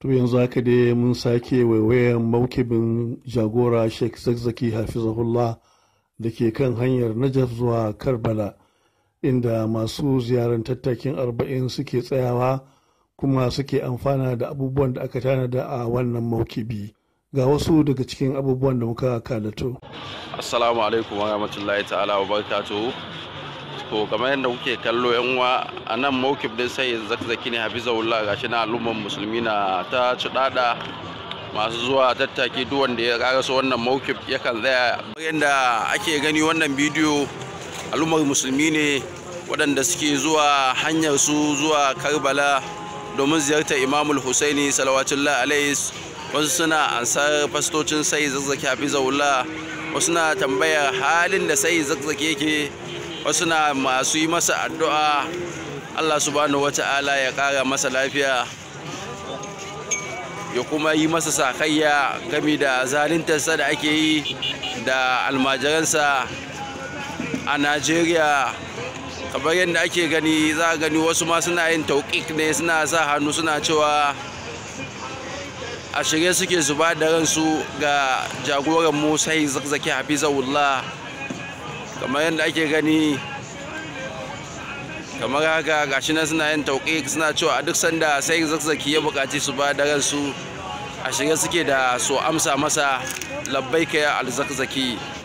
To yanzu haka dai mun sake waiwayan maukibin jagora Sheikh Zakzaki Hafizahullah da ke kan hanyar Najaf zuwa Karbala inda masu ziyarar tattakin arba'in suke tsayawa kuma suke amfana da abubuwan da aka tanada a wannan maukibi. Ga wasu daga cikin abubuwan da muka kalato. Assalamu alaikum wa rahmatullahi ta'ala wa barakatuhu. to kamar yadda kuke kallo yan uwa a nan mawkif din sai zakzaki ne hafizahullah gashi na al'umman musulmi na ta dada masu zuwa tattaki duk wanda ya karaso wannan kan yakan tsaya yadda ake gani wannan bidiyo al'ummar musulmi ne waɗanda suke zuwa hanyar su zuwa karbala domin ziyartar imamul husaini salawatullah alaihi wasu suna ansar fastocin sai a fizawula wasu na tambayar halin da sai zazzaki yake wasu na masu yi masa addu'a Allah wata ala ya kara masa lafiya ya kuma yi masa sakayya gami da zalintarsa da ake yi da almajiransa a Najeriya kamar yadda ake gani za a gani wasu ma suna yin tauƙik ne suna sa hannu suna cewa a shirye suke su da ransu ga jagoran mu sai zakzaki hafizahullah kamar yadda ake gani kamar haka gashi nan suna yin tauƙi suna cewa a duk sanda sai zakzaki ya bukaci su ba da ransu a shirye suke da so amsa masa labbaika ya alzakzaki